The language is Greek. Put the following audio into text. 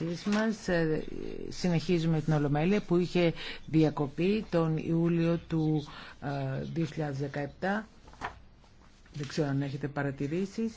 Ε, συνεχίζουμε την Ολομέλεια που είχε διακοπεί τον Ιούλιο του 2017. Ε, Δεν ξέρω αν έχετε παρατηρήσεις.